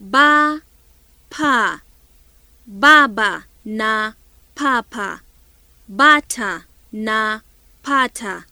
ba pa baba na papa bata na pata